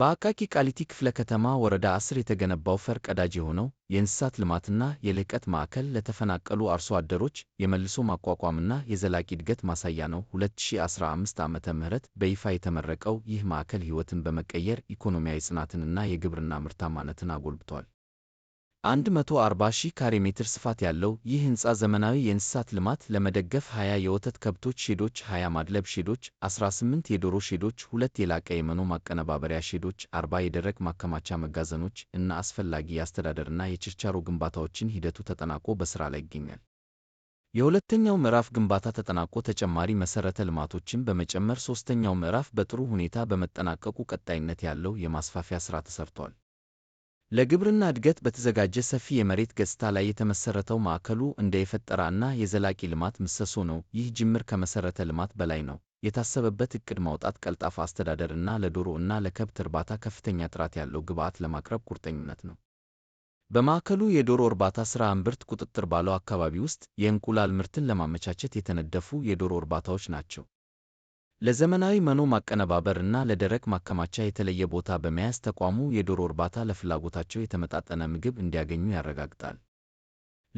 በአቃቂ ቃሊቲ ክፍለ ከተማ ወረዳ አስር የተገነባው ፈር ቀዳጅ የሆነው የእንስሳት ልማትና የልህቀት ማዕከል ለተፈናቀሉ አርሶ አደሮች የመልሶ ማቋቋምና የዘላቂ እድገት ማሳያ ነው። 2015 ም በይፋ የተመረቀው ይህ ማዕከል ሕይወትን በመቀየር ኢኮኖሚያዊ ጽናትንና የግብርና ምርታማነትን አጎልብቷል። 140 ሺህ ካሬ ሜትር ስፋት ያለው ይህ ሕንፃ ዘመናዊ የእንስሳት ልማት ለመደገፍ 20 የወተት ከብቶች ሼዶች፣ 20 ማድለብ ሼዶች፣ 18 የዶሮ ሼዶች፣ ሁለት የላቀ የመኖ ማቀነባበሪያ ሼዶች፣ 40 የደረቅ ማከማቻ መጋዘኖች እና አስፈላጊ የአስተዳደርና የችርቻሮ ግንባታዎችን ሂደቱ ተጠናቆ በሥራ ላይ ይገኛል። የሁለተኛው ምዕራፍ ግንባታ ተጠናቆ ተጨማሪ መሠረተ ልማቶችን በመጨመር ሦስተኛው ምዕራፍ በጥሩ ሁኔታ በመጠናቀቁ ቀጣይነት ያለው የማስፋፊያ ሥራ ተሰርቷል። ለግብርና እድገት በተዘጋጀ ሰፊ የመሬት ገጽታ ላይ የተመሠረተው ማዕከሉ እንደ የፈጠራ እና የዘላቂ ልማት ምሰሶ ነው። ይህ ጅምር ከመሠረተ ልማት በላይ ነው። የታሰበበት ዕቅድ ማውጣት፣ ቀልጣፋ አስተዳደር እና ለዶሮ እና ለከብት እርባታ ከፍተኛ ጥራት ያለው ግብዓት ለማቅረብ ቁርጠኝነት ነው። በማዕከሉ የዶሮ እርባታ ሥራ እምብርት ቁጥጥር ባለው አካባቢ ውስጥ የእንቁላል ምርትን ለማመቻቸት የተነደፉ የዶሮ እርባታዎች ናቸው። ለዘመናዊ መኖ ማቀነባበር እና ለደረቅ ማከማቻ የተለየ ቦታ በመያዝ ተቋሙ የዶሮ እርባታ ለፍላጎታቸው የተመጣጠነ ምግብ እንዲያገኙ ያረጋግጣል።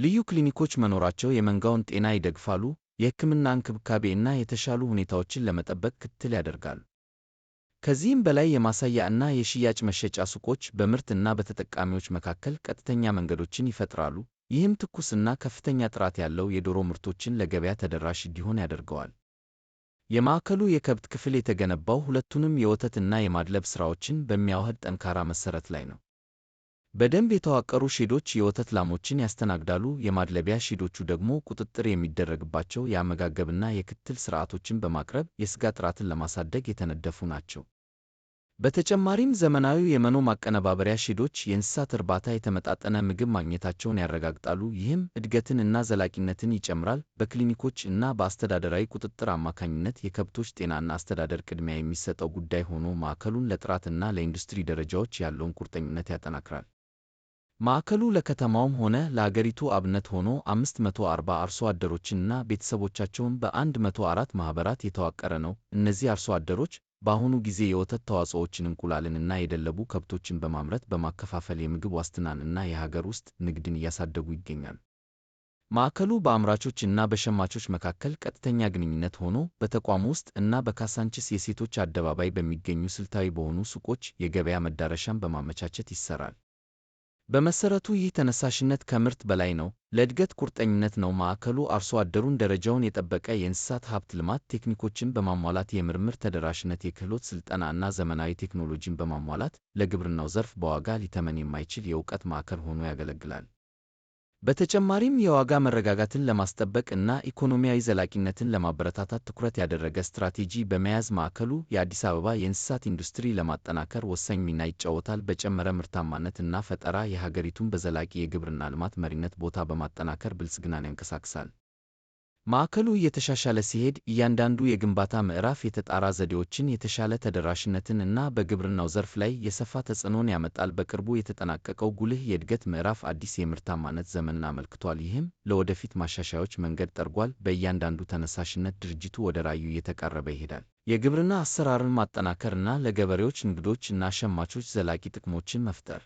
ልዩ ክሊኒኮች መኖራቸው የመንጋውን ጤና ይደግፋሉ፣ የሕክምና እንክብካቤ እና የተሻሉ ሁኔታዎችን ለመጠበቅ ክትትል ያደርጋሉ። ከዚህም በላይ የማሳያ እና የሽያጭ መሸጫ ሱቆች በምርት እና በተጠቃሚዎች መካከል ቀጥተኛ መንገዶችን ይፈጥራሉ፣ ይህም ትኩስና ከፍተኛ ጥራት ያለው የዶሮ ምርቶችን ለገበያ ተደራሽ እንዲሆን ያደርገዋል። የማዕከሉ የከብት ክፍል የተገነባው ሁለቱንም የወተት እና የማድለብ ሥራዎችን በሚያዋህድ ጠንካራ መሠረት ላይ ነው። በደንብ የተዋቀሩ ሼዶች የወተት ላሞችን ያስተናግዳሉ፣ የማድለቢያ ሼዶቹ ደግሞ ቁጥጥር የሚደረግባቸው የአመጋገብና የክትትል ሥርዓቶችን በማቅረብ የሥጋ ጥራትን ለማሳደግ የተነደፉ ናቸው። በተጨማሪም ዘመናዊ የመኖ ማቀነባበሪያ ሼዶች የእንስሳት እርባታ የተመጣጠነ ምግብ ማግኘታቸውን ያረጋግጣሉ፣ ይህም እድገትን እና ዘላቂነትን ይጨምራል። በክሊኒኮች እና በአስተዳደራዊ ቁጥጥር አማካኝነት የከብቶች ጤናና አስተዳደር ቅድሚያ የሚሰጠው ጉዳይ ሆኖ ማዕከሉን ለጥራት እና ለኢንዱስትሪ ደረጃዎች ያለውን ቁርጠኝነት ያጠናክራል። ማዕከሉ ለከተማውም ሆነ ለአገሪቱ አብነት ሆኖ 540 አርሶ አደሮችንና ቤተሰቦቻቸውን በ104 ማኅበራት የተዋቀረ ነው። እነዚህ አርሶ አደሮች በአሁኑ ጊዜ የወተት ተዋጽኦችን እና የደለቡ ከብቶችን በማምረት በማከፋፈል የምግብ ዋስትናን እና የሀገር ውስጥ ንግድን እያሳደጉ ይገኛሉ። ማዕከሉ በአምራቾች እና በሸማቾች መካከል ቀጥተኛ ግንኙነት ሆኖ በተቋም ውስጥ እና በካሳንችስ የሴቶች አደባባይ በሚገኙ ስልታዊ በሆኑ ሱቆች የገበያ መዳረሻን በማመቻቸት ይሰራል። በመሰረቱ ይህ ተነሳሽነት ከምርት በላይ ነው፣ ለእድገት ቁርጠኝነት ነው። ማዕከሉ አርሶ አደሩን ደረጃውን የጠበቀ የእንስሳት ሀብት ልማት ቴክኒኮችን በማሟላት የምርምር ተደራሽነት፣ የክህሎት ስልጠና እና ዘመናዊ ቴክኖሎጂን በማሟላት ለግብርናው ዘርፍ በዋጋ ሊተመን የማይችል የእውቀት ማዕከል ሆኖ ያገለግላል። በተጨማሪም የዋጋ መረጋጋትን ለማስጠበቅ እና ኢኮኖሚያዊ ዘላቂነትን ለማበረታታት ትኩረት ያደረገ ስትራቴጂ በመያዝ ማዕከሉ የአዲስ አበባ የእንስሳት ኢንዱስትሪ ለማጠናከር ወሳኝ ሚና ይጫወታል። በጨመረ ምርታማነት እና ፈጠራ የሀገሪቱን በዘላቂ የግብርና ልማት መሪነት ቦታ በማጠናከር ብልጽግናን ያንቀሳቅሳል። ማዕከሉ እየተሻሻለ ሲሄድ እያንዳንዱ የግንባታ ምዕራፍ የተጣራ ዘዴዎችን፣ የተሻለ ተደራሽነትን እና በግብርናው ዘርፍ ላይ የሰፋ ተጽዕኖን ያመጣል። በቅርቡ የተጠናቀቀው ጉልህ የዕድገት ምዕራፍ አዲስ የምርታማነት ዘመንን አመልክቷል፣ ይህም ለወደፊት ማሻሻያዎች መንገድ ጠርጓል። በእያንዳንዱ ተነሳሽነት ድርጅቱ ወደ ራዕዩ እየተቃረበ ይሄዳል። የግብርና አሰራርን ማጠናከር እና ለገበሬዎች፣ ንግዶች እና ሸማቾች ዘላቂ ጥቅሞችን መፍጠር